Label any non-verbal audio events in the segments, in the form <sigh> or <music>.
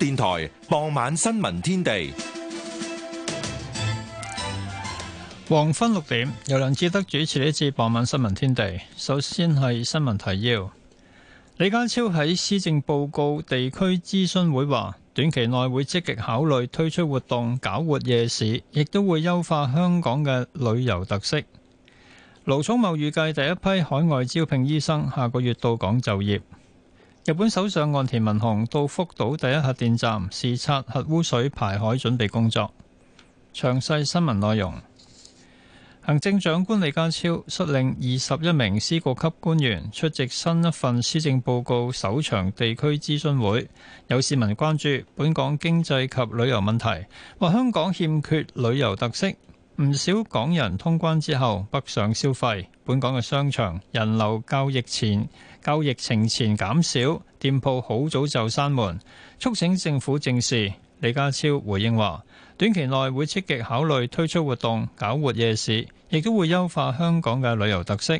電台傍晚新聞天地，黃昏六點由梁志德主持呢次傍晚新聞天地。首先係新聞提要：李家超喺施政報告地區諮詢會話，短期內會積極考慮推出活動搞活夜市，亦都會優化香港嘅旅遊特色。盧寵茂預計第一批海外招聘醫生下個月到港就業。日本首相岸田文雄到福島第一核電站視察核污水排海準備工作。詳細新聞內容。行政長官李家超率領二十一名司局級官員出席新一份施政報告首場地區諮詢會。有市民關注本港經濟及旅遊問題，話香港欠缺旅遊特色。唔少港人通關之後北上消費，本港嘅商場人流、交易前交易程前減少，店鋪好早就閂門，促請政府正視。李家超回應話：短期內會積極考慮推出活動，搞活夜市，亦都會優化香港嘅旅遊特色。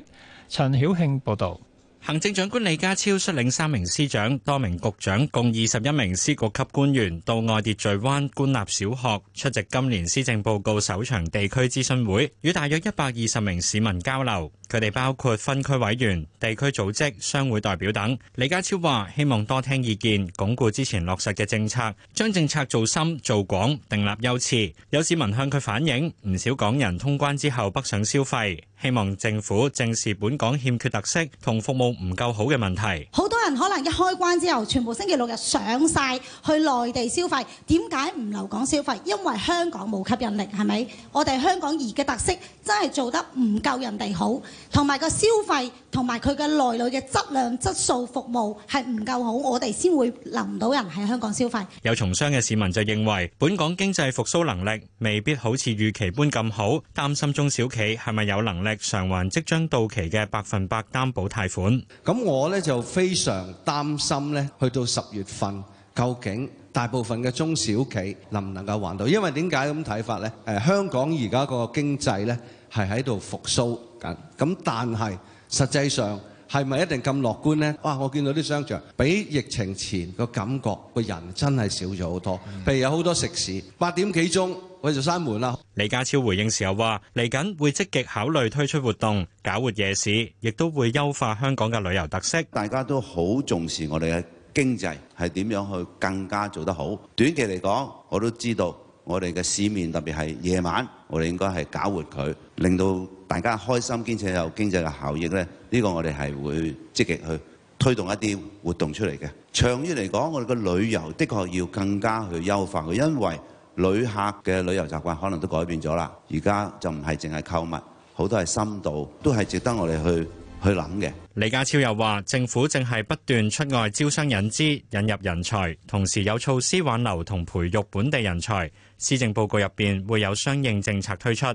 陳曉慶報道。行政長官李家超率領三名司長、多名局長，共二十一名司局級官員到外碟聚灣官立小學出席今年施政報告首場地區諮詢會，與大約一百二十名市民交流。佢哋包括分區委員、地區組織、商會代表等。李家超話希望多聽意見，鞏固之前落實嘅政策，將政策做深做廣，訂立優次。有市民向佢反映，唔少港人通關之後北上消費，希望政府正視本港欠缺特色同服務唔夠好嘅問題。好多人可能一開關之後，全部星期六日上晒去內地消費，點解唔留港消費？因為香港冇吸引力，係咪？我哋香港而嘅特色真係做得唔夠人哋好。同埋個消費，同埋佢嘅內裏嘅質量、質素、服務係唔夠好，我哋先會留唔到人喺香港消費。有從商嘅市民就認為，本港經濟復甦能力未必好似預期般咁好，擔心中小企係咪有能力償還即將到期嘅百分百擔保貸款。咁我咧就非常擔心咧，去到十月份，究竟大部分嘅中小企能唔能夠還到？因為點解咁睇法咧？誒、呃，香港而家個經濟咧，係喺度復甦緊，咁但係實際上係咪一定咁樂觀呢？哇！我見到啲商場比疫情前個感覺，個人真係少咗好多。譬如有好多食肆，八點幾鐘我就閂門啦。李家超回應時候話：嚟緊會積極考慮推出活動，搞活夜市，亦都會優化香港嘅旅遊特色。大家都好重視我哋嘅經濟係點樣去更加做得好。短期嚟講，我都知道我哋嘅市面特別係夜晚。我哋應該係搞活佢，令到大家開心兼且有經濟嘅效益咧。呢個我哋係會積極去推動一啲活動出嚟嘅。長遠嚟講，我哋嘅旅遊的確要更加去優化，因為旅客嘅旅遊習慣可能都改變咗啦。而家就唔係淨係購物，好多係深度，都係值得我哋去去諗嘅。李家超又話政府正係不斷出外招商引資引入人才，同時有措施挽留同培育本地人才。施政報告入邊會有相應政策推出。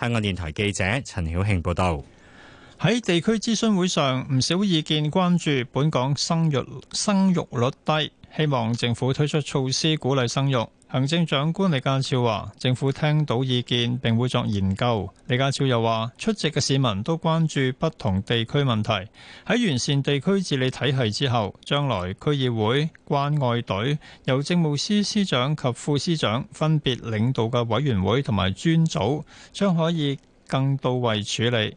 香港電台記者陳曉慶報道。喺地區諮詢會上，唔少意見關注本港生育生育率低，希望政府推出措施鼓勵生育。行政長官李家超話：政府聽到意見並會作研究。李家超又話：出席嘅市民都關注不同地區問題。喺完善地區治理體系之後，將來區議會、關愛隊、由政務司司長及副司長分別領導嘅委員會同埋專組，將可以更到位處理。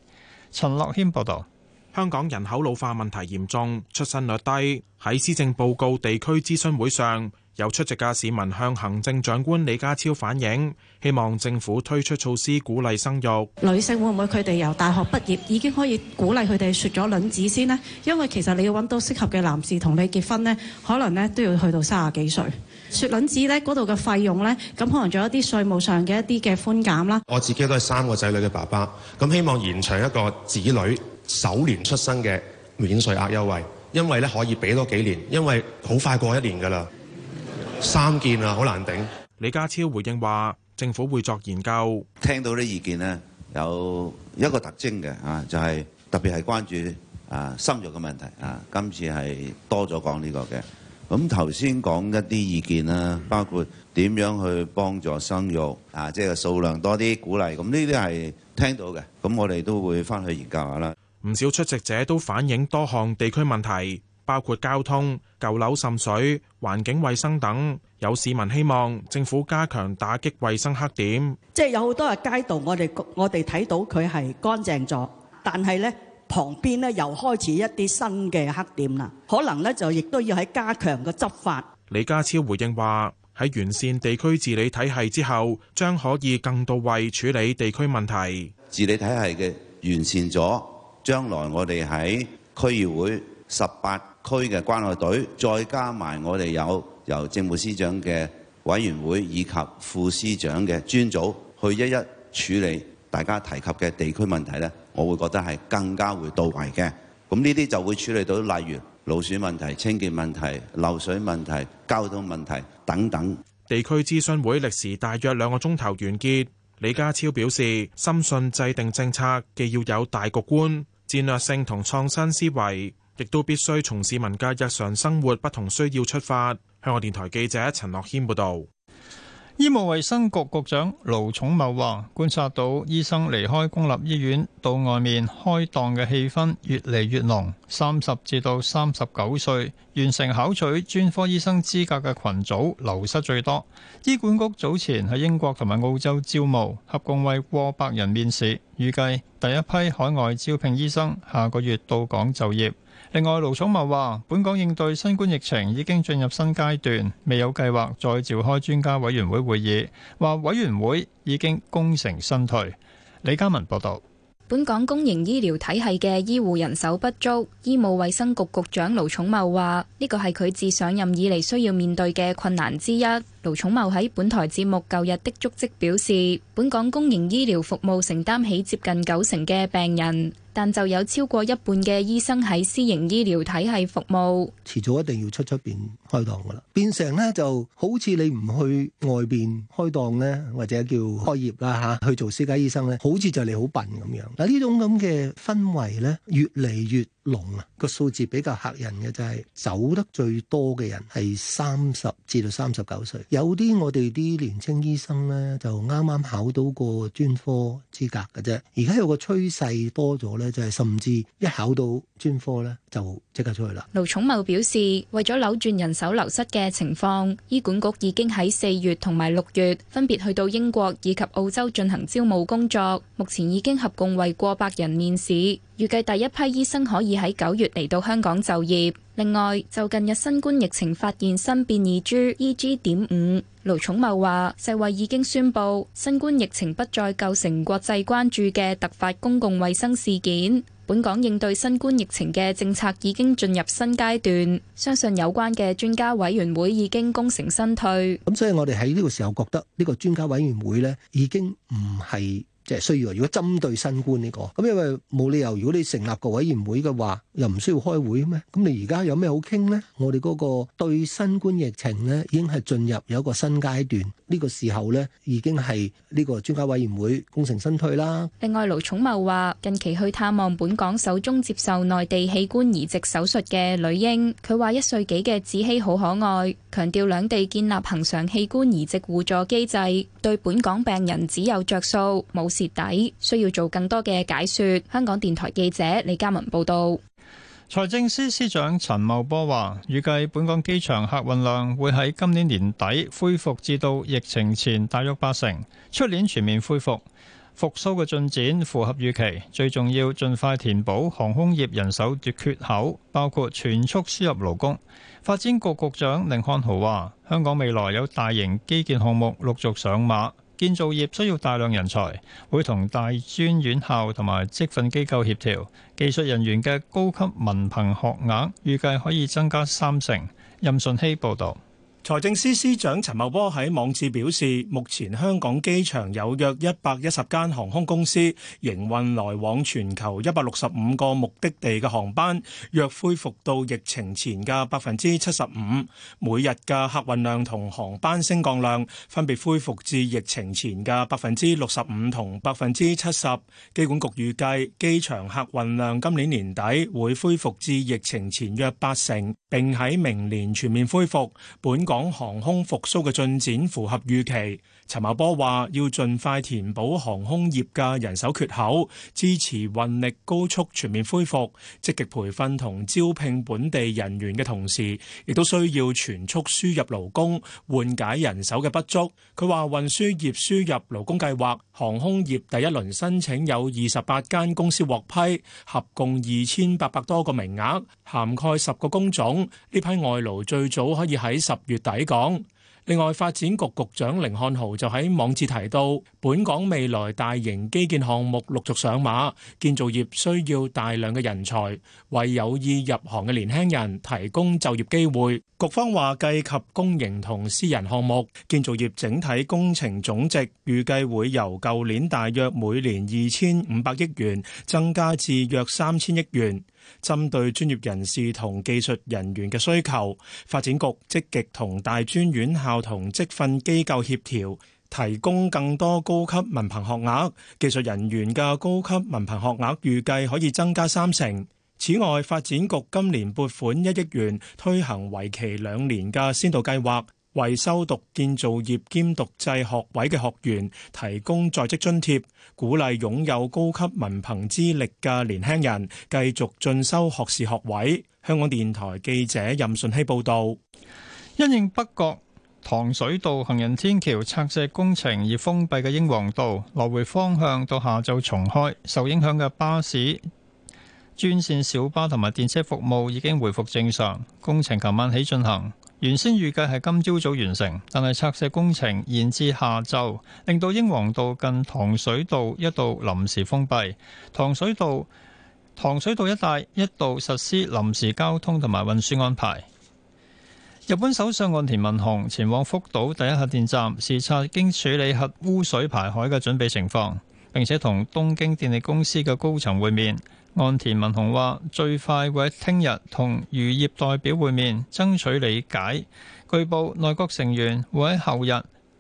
陳樂軒報導。香港人口老化問題嚴重，出生率低。喺施政報告地區諮詢會上，有出席嘅市民向行政長官李家超反映，希望政府推出措施鼓勵生育。女性會唔會佢哋由大學畢業已經可以鼓勵佢哋雪咗卵子先呢？因為其實你要揾到適合嘅男士同你結婚呢，可能呢都要去到三十幾歲雪卵子，呢嗰度嘅費用呢，咁可能仲有一啲稅務上嘅一啲嘅寬減啦。我自己都係三個仔女嘅爸爸，咁希望延長一個子女首年出生嘅免稅額優惠，因為呢可以俾多幾年，因為好快過一年噶啦。三件啊，好難頂。李家超回應話，政府會作研究。聽到啲意見呢，有一個特徵嘅啊，就係特別係關注啊生育嘅問題啊。今次係多咗講呢個嘅。咁頭先講一啲意見啦，包括點樣去幫助生育啊，即係數量多啲，鼓勵咁呢啲係聽到嘅，咁我哋都會翻去研究下啦。唔少出席者都反映多項地區問題。包括交通、舊樓滲水、環境衞生等，有市民希望政府加強打擊衞生黑點。即係有好多嘅街道，我哋我哋睇到佢係乾淨咗，但係呢旁邊呢又開始一啲新嘅黑點啦。可能呢就亦都要喺加強個執法。李家超回應話：喺完善地區治理體系之後，將可以更到位處理地區問題。治理體系嘅完善咗，將來我哋喺區議會十八區嘅關愛隊再加埋我哋有由政務司長嘅委員會以及副司長嘅專組去一一處理大家提及嘅地區問題咧，我會覺得係更加會到位嘅。咁呢啲就會處理到，例如老鼠問題、清潔問題、漏水問題、交通問題等等。地區諮詢會歷時大約兩個鐘頭完結，李家超表示，深信制定政策既要有大局觀、戰略性同創新思維。亦都必須從市民嘅日常生活不同需要出發。香港電台記者陳樂謙報道。醫務衛生局局長盧寵茂話，觀察到醫生離開公立醫院到外面開檔嘅氣氛越嚟越濃。三十至到三十九歲完成考取專科醫生資格嘅群組流失最多。醫管局早前喺英國同埋澳洲招募，合共為過百人面試，預計第一批海外招聘醫生下個月到港就業。另外，盧寵茂話，本港應對新冠疫情已經進入新階段，未有計劃再召開專家委員會會議，話委員會已經功成身退。李嘉文報道，本港公營醫療體系嘅醫護人手不足，醫務衛生局局長盧寵茂話，呢個係佢自上任以嚟需要面對嘅困難之一。盧寵茂喺本台節目《舊日的足跡》表示，本港公營醫療服務承擔起接近九成嘅病人，但就有超過一半嘅醫生喺私營醫療體系服務。遲早一定要出出面開檔噶啦，變成咧就好似你唔去外面開檔咧，或者叫開業啦吓，去做私家醫生咧，好似就你好笨咁樣。嗱，呢種咁嘅氛圍咧，越嚟越濃啊！個數字比較吓人嘅就係，走得最多嘅人係三十至到三十九歲。有啲我哋啲年青醫生呢，就啱啱考到個專科資格㗎啫。而家有個趨勢多咗呢，就係甚至一考到專科呢，就即刻出去啦。盧寵茂表示，為咗扭轉人手流失嘅情況，醫管局已經喺四月同埋六月分別去到英國以及澳洲進行招募工作，目前已經合共為過百人面試。預計第一批醫生可以喺九月嚟到香港就業。另外，就近日新冠疫情發現新變異株 E.G. 點五，盧寵茂話：世衞已經宣布新冠疫情不再構成國際關注嘅突發公共衛生事件。本港應對新冠疫情嘅政策已經進入新階段，相信有關嘅專家委員會已經功成身退。咁所以，我哋喺呢個時候覺得呢個專家委員會呢已經唔係。即係需要，如果針對新冠呢個，咁因為冇理由，如果你成立個委員會嘅話，又唔需要開會咩？咁你而家有咩好傾呢？我哋嗰個對新冠疫情呢，已經係進入有一個新階段，呢個時候呢，已經係呢個專家委員會功成身退啦。另外，盧寵茂話近期去探望本港首宗接受內地器官移植手術嘅女嬰，佢話一歲幾嘅子希好可愛。強調兩地建立恒常器官移植互助機制，對本港病人只有着數，冇蝕底，需要做更多嘅解說。香港電台記者李嘉文報道。財政司司、司長陳茂波話，預計本港機場客運量會喺今年年底恢復至到疫情前大約八成，出年全面恢復。復蘇嘅進展符合預期，最重要盡快填補航空業人手缺口，包括全速輸入勞工。發展局局長甯漢豪話：香港未來有大型基建項目陸續上馬，建造業需要大量人才，會同大專院校同埋職訓機構協調，技術人員嘅高級文憑學額預計可以增加三成。任順希報道。財政司司長陳茂波喺網誌表示，目前香港機場有約一百一十間航空公司營運來往全球一百六十五個目的地嘅航班，約恢復到疫情前嘅百分之七十五。每日嘅客運量同航班升降量分別恢復至疫情前嘅百分之六十五同百分之七十。機管局預計，機場客運量今年年底會恢復至疫情前約八成，並喺明年全面恢復。本港航空復蘇嘅進展符合預期。陳茂波話：要盡快填補航空業嘅人手缺口，支持運力高速全面恢復。積極培訓同招聘本地人員嘅同時，亦都需要全速輸入勞工，緩解人手嘅不足。佢話運輸業輸入勞工計劃，航空業第一輪申請有二十八間公司獲批，合共二千八百多個名額，涵蓋十個工種。呢批外勞最早可以喺十月底港。另外，發展局局長凌漢豪就喺網誌提到，本港未來大型基建項目陸續上馬，建造業需要大量嘅人才，為有意入行嘅年輕人提供就業機會。局方話，計及公營同私人項目，建造業整體工程總值預計會由舊年大約每年2500億元，增加至約3000億元。針對專業人士同技術人員嘅需求，發展局積極同大專院校同職訓機構協調，提供更多高級文憑學額。技術人員嘅高級文憑學額預計可以增加三成。此外，發展局今年撥款一億元，推行為期兩年嘅先導計劃。為修讀建造業兼讀制學位嘅學員提供在職津貼，鼓勵擁有高級文憑資歷嘅年輕人繼續進修學士學位。香港電台記者任順希報道：因應北角糖水道行人天橋拆卸工程而封閉嘅英皇道，來回方向到下晝重開。受影響嘅巴士專線小巴同埋電車服務已經回復正常。工程琴晚起進行。原先預計係今朝早，早完成，但係拆卸工程延至下晝，令到英皇道近糖水道一度臨時封閉，糖水道糖水道一帶一度實施臨時交通同埋運輸安排。日本首相岸田文雄前往福島第一核電站，視察經處理核污水排海嘅準備情況，並且同東京電力公司嘅高層會面。岸田文雄話：最快會喺聽日同漁業代表會面，爭取理解。據報內閣成員會喺後日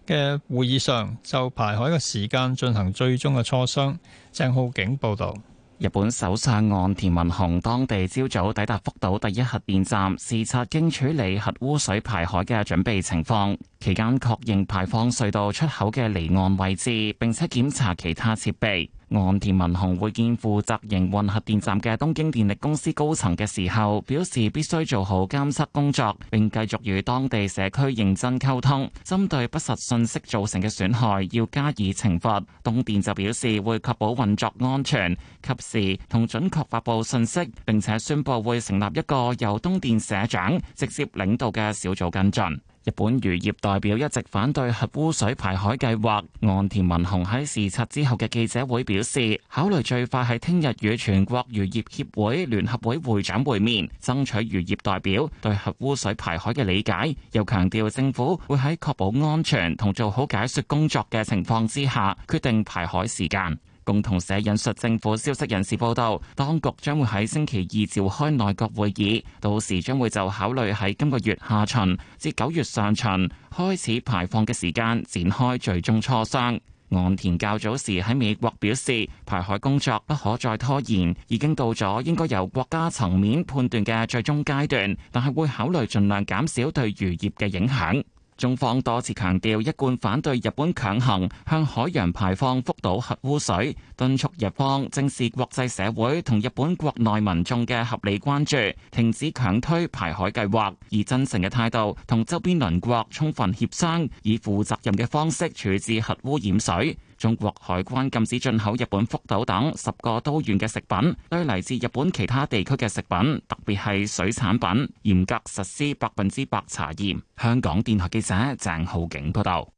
嘅會議上就排海嘅時間進行最終嘅磋商。鄭浩景報導。日本首相岸田文雄當地朝早抵達福島第一核電站，視察經處理核污水排海嘅準備情況。期間確認排放隧道出口嘅離岸位置，並且檢查其他設備。岸田文雄會見負責營運核電站嘅東京電力公司高層嘅時候，表示必須做好監測工作，並繼續與當地社區認真溝通。針對不實信息造成嘅損害，要加以懲罰。東電就表示會確保運作安全，及時同準確發布信息，並且宣布會成立一個由東電社長直接領導嘅小組跟進。日本漁業代表一直反對核污水排海計劃。岸田文雄喺視察之後嘅記者會表示，考慮最快係聽日與全國漁業協會聯合會會長會面，爭取漁業代表對核污水排海嘅理解。又強調政府會喺確保安全同做好解說工作嘅情況之下，決定排海時間。共同社引述政府消息人士報道，當局將會喺星期二召開內閣會議，到時將會就考慮喺今個月下旬至九月上旬開始排放嘅時間展開最終磋商。岸田較早時喺美國表示，排海工作不可再拖延，已經到咗應該由國家層面判斷嘅最終階段，但係會考慮盡量減少對漁業嘅影響。中方多次強調，一貫反對日本強行向海洋排放福島核污水，敦促日方正視國際社會同日本國內民眾嘅合理關注，停止強推排海計劃，以真誠嘅態度同周邊鄰國充分協商，以負責任嘅方式處置核污染水。中國海關禁止進口日本福島等十個都縣嘅食品，對嚟自日本其他地區嘅食品，特別係水產品，嚴格實施百分之百查驗。香港電台記者鄭浩景報道。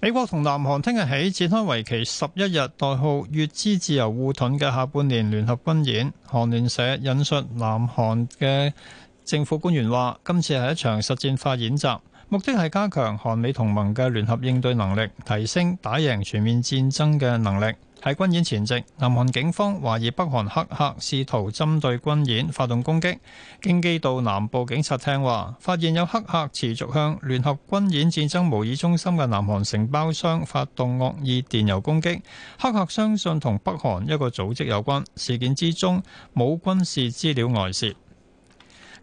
美國同南韓聽日起展開為期十一日代號「乙支自由護盾」嘅下半年聯合軍演。韓聯社引述南韓嘅政府官員話：今次係一場實戰化演習。目的係加強韓美同盟嘅聯合應對能力，提升打贏全面戰爭嘅能力。喺軍演前夕，南韓警方懷疑北韓黑客試圖針對軍演發動攻擊。京畿道南部警察廳話，發現有黑客持續向聯合軍演戰爭模擬中心嘅南韓承包商發動惡意電郵攻擊。黑客相信同北韓一個組織有關。事件之中冇軍事資料外泄。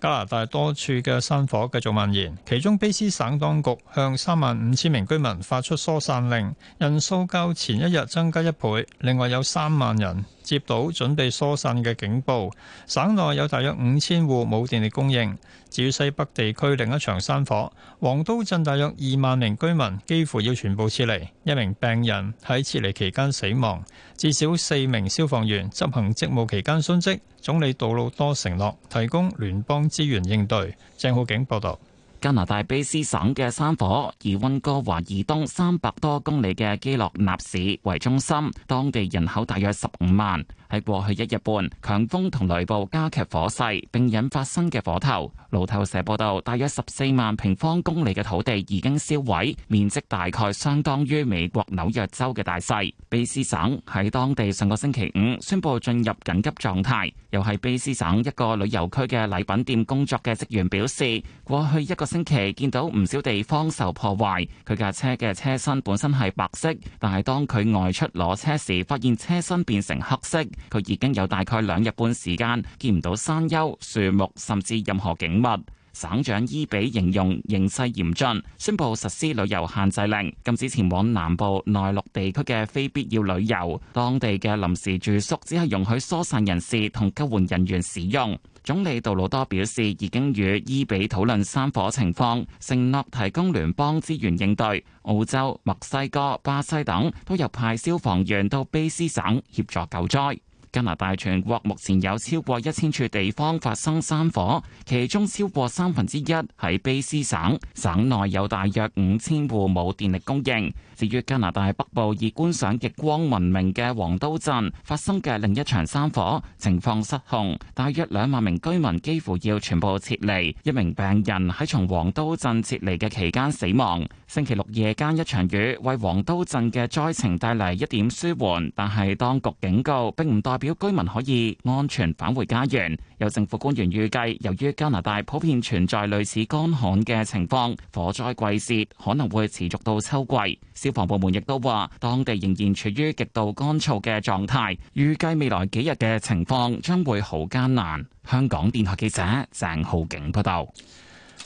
加拿大多處嘅山火繼續蔓延，其中卑斯省當局向三萬五千名居民發出疏散令，人數較前一日增加一倍。另外有三萬人接到準備疏散嘅警報，省內有大約五千戶冇電力供應。至於西北地區另一場山火，黃刀鎮大約二萬名居民幾乎要全部撤離，一名病人喺撤離期間死亡，至少四名消防員執行職務期間殉職，總理杜魯多承諾提供聯邦資源應對，鄭浩景報道。加拿大卑斯省嘅山火以溫哥華以東三百多公里嘅基洛納市為中心，當地人口大約十五萬。喺過去一日半，強風同雷暴加劇火勢，並引發新嘅火頭。路透社報道，大約十四萬平方公里嘅土地已經燒毀，面積大概相當於美國紐約州嘅大細。卑斯省喺當地上個星期五宣布進入緊急狀態。又係卑斯省一個旅遊區嘅禮品店工作嘅職員表示，過去一個。星期見到唔少地方受破壞，佢架車嘅車身本身係白色，但係當佢外出攞車時，發現車身變成黑色。佢已經有大概兩日半時間見唔到山丘、樹木甚至任何景物。省長伊比形容形勢嚴峻，宣布實施旅遊限制令，禁止前往南部內陸地區嘅非必要旅遊。當地嘅臨時住宿只係容許疏散人士同救援人員使用。總理杜魯多表示，已經與伊比討論山火情況，承諾提供聯邦資源應對。澳洲、墨西哥、巴西等都有派消防員到卑詩省協助救災。加拿大全國目前有超過一千處地方發生山火，其中超過三分之一喺卑詩省，省內有大約五千戶冇電力供應。至於加拿大北部以觀賞極光聞名嘅黃刀鎮發生嘅另一場山火，情況失控，大約兩萬名居民幾乎要全部撤離，一名病人喺從黃刀鎮撤離嘅期間死亡。星期六夜間一場雨為黃刀鎮嘅災情帶嚟一點舒緩，但係當局警告，並唔代表居民可以安全返回家園。有政府官員預計，由於加拿大普遍存在類似乾旱嘅情況，火災季節可能會持續到秋季。消防部門亦都話，當地仍然處於極度乾燥嘅狀態，預計未來幾日嘅情況將會好艱難。香港電台記者鄭浩景報道。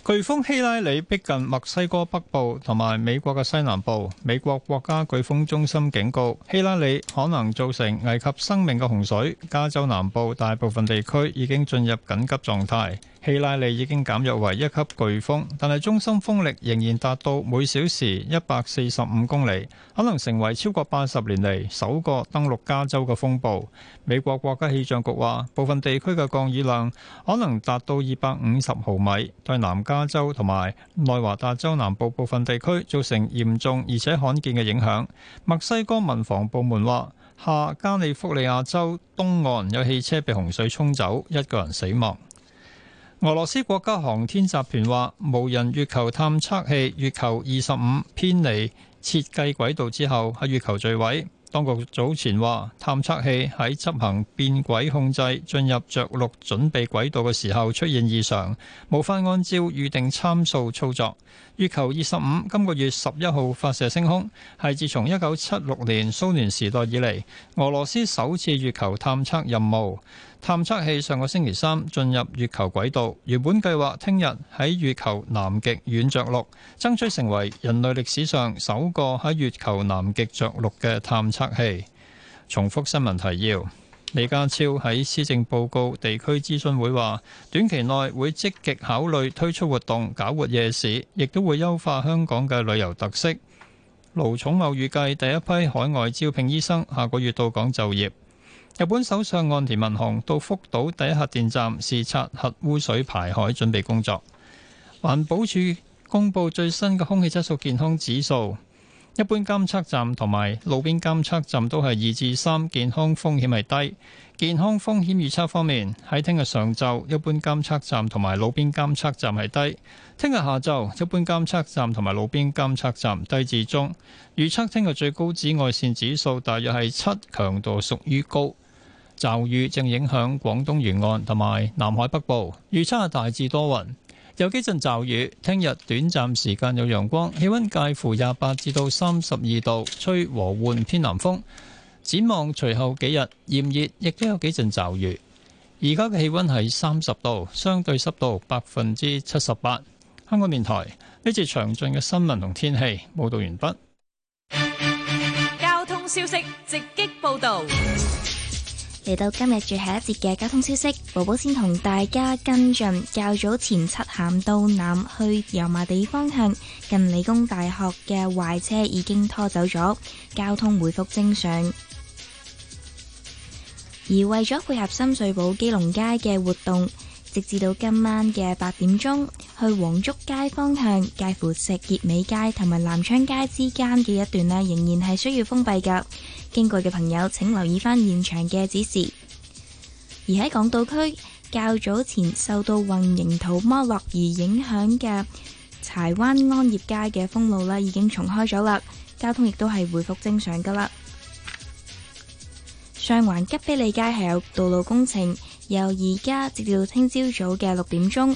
颶風希拉里逼近墨西哥北部同埋美國嘅西南部，美國國家颶風中心警告，希拉里可能造成危及生命嘅洪水。加州南部大部分地區已經進入緊急狀態。希拉利已經減弱為一級颶風，但係中心風力仍然達到每小時一百四十五公里，可能成為超過八十年嚟首個登陸加州嘅風暴。美國國家氣象局話，部分地區嘅降雨量可能達到二百五十毫米，對南加州同埋內華達州南部部分地區造成嚴重而且罕見嘅影響。墨西哥民防部門話，下加利福尼亞州東岸有汽車被洪水沖走，一個人死亡。俄羅斯國家航天集團話，無人月球探測器月球二十五偏離設計軌道之後喺月球墜毀。當局早前話，探測器喺執行變軌控制進入着陸準備軌道嘅時候出現異常，無法按照預定參數操作。月球二十五，今個月十一號發射升空，係自從一九七六年蘇聯時代以嚟，俄羅斯首次月球探測任務。探測器上個星期三進入月球軌道，原本計劃聽日喺月球南極軟着陸，爭取成為人類歷史上首個喺月球南極着陸嘅探測器。重複新聞提要。李家超喺施政報告地區諮詢會話，短期內會積極考慮推出活動，搞活夜市，亦都會優化香港嘅旅遊特色。盧寵茂預計第一批海外招聘醫生下個月到港就業。日本首相岸田文雄到福島第一核電站視察核污水排海準備工作。環保署公布最新嘅空氣質素健康指數。一般監測站同埋路邊監測站都係二至三，健康風險係低。健康風險預測方面，喺聽日上晝一般監測站同埋路邊監測站係低；聽日下晝一般監測站同埋路邊監測站低至中。預測聽日最高紫外線指數大約係七，強度屬於高。驟雨正影響廣東沿岸同埋南海北部，預測大致多雲。有幾陣驟雨，聽日短暫時間有陽光，氣溫介乎廿八至到三十二度，吹和緩偏南風。展望隨後幾日炎熱，亦都有幾陣驟雨。而家嘅氣溫係三十度，相對濕度百分之七十八。香港電台呢次詳盡嘅新聞同天氣報道完畢。交通消息直擊報道。嚟到今日最後一節嘅交通消息，寶寶先同大家跟進較早前漆咸道南去油麻地方向近理工大學嘅壞車已經拖走咗，交通回復正常。而為咗配合深水埗基隆街嘅活動，直至到今晚嘅八點鐘，去黃竹街方向，介乎石硖尾街同埋南昌街之間嘅一段咧，仍然係需要封閉噶。經過嘅朋友，請留意翻現場嘅指示。而喺港島區較早前受到混凝土剝落而影響嘅柴灣安業街嘅封路啦，已經重開咗啦，交通亦都係回復正常噶啦。上環急庇利街係有道路工程，由而家直至到聽朝早嘅六點鐘。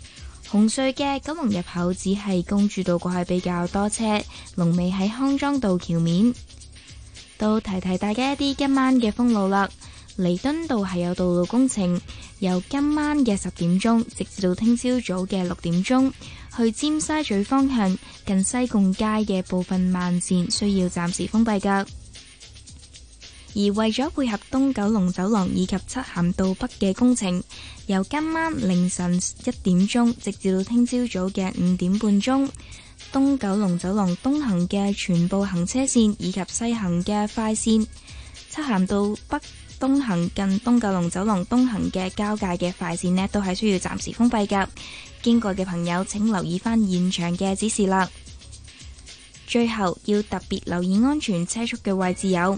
紅隧嘅九龍入口只係公主道過去比較多車，龍尾喺康莊道橋面。都提提大家一啲今晚嘅封路啦。彌敦道係有道路工程，由今晚嘅十點鐘直至到聽朝早嘅六點鐘，去尖沙咀方向近西貢街嘅部分慢線需要暫時封閉噶。而為咗配合東九龍走廊以及漆咸道北嘅工程，由今晚凌晨一點鐘直至到聽朝早嘅五點半鐘，東九龍走廊東行嘅全部行車線以及西行嘅快線，漆咸道北東行近東九龍走廊東行嘅交界嘅快線呢，都係需要暫時封閉噶。經過嘅朋友，請留意返現場嘅指示啦。最後要特別留意安全車速嘅位置有。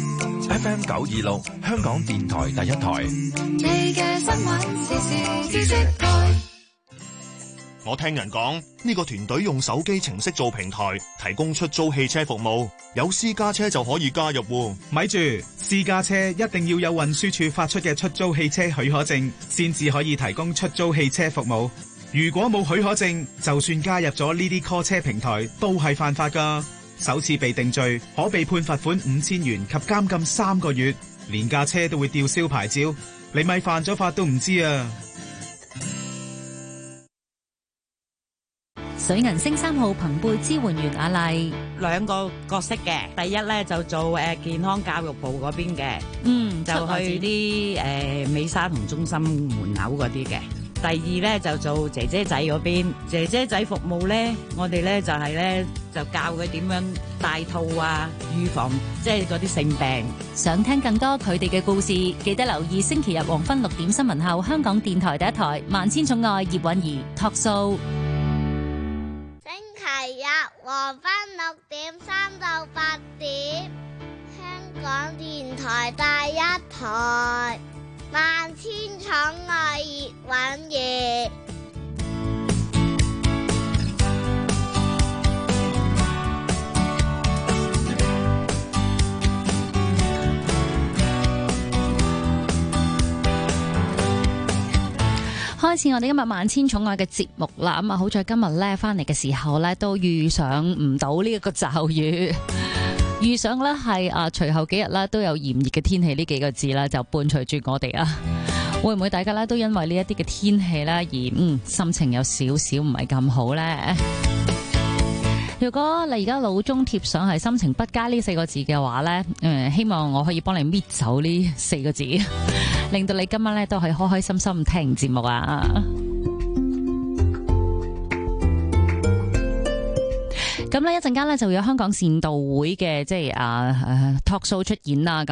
F M 九二六香港電台第一台。時時時時我聽人講呢、呢個團隊用手機程式做平台，提供出租汽車服務，有私家車就可以加入。咪住，私家車一定要有運輸署發出嘅出租汽車許可證，先至可以提供出租汽車服務。如果冇許可證，就算加入咗呢啲 call 車平台，都係犯法噶。首次被定罪，可被判罰款五千元及監禁三個月，連駕車都會吊銷牌照。你咪犯咗法都唔知啊！水銀星三號朋輩支援員阿麗，兩個角色嘅，第一咧就做誒健康教育部嗰邊嘅，嗯，就去啲誒美沙酮中心門口嗰啲嘅。第二咧就做姐姐仔嗰邊，姐姐仔服務咧，我哋咧就係、是、咧就教佢點樣戴套啊，預防即係嗰啲性病。想聽更多佢哋嘅故事，記得留意星期日黃昏六點新聞後，香港電台第一台《萬千寵愛葉蘊儀》Talk Show。星期日黃昏六點三到八點，香港電台第一台。萬千寵愛玩嘢，開始我哋今日萬千寵愛嘅節目啦！咁啊，好在今日咧翻嚟嘅時候咧，都遇上唔到呢一個驟雨。 <laughs> 遇上咧，係啊，隨後幾日啦，都有炎熱嘅天氣呢幾個字啦，就伴隨住我哋啊。 <laughs> 會唔會大家咧都因為呢一啲嘅天氣啦而嗯心情有少少唔係咁好呢？ <laughs> 如果你而家腦中貼上係心情不佳呢四個字嘅話呢，誒、嗯，希望我可以幫你搣走呢四個字， <laughs> 令到你今晚咧都可以開開心心聽節目啊！咁咧，一陣間咧就會有香港善導會嘅即係啊 talk show 出演啦。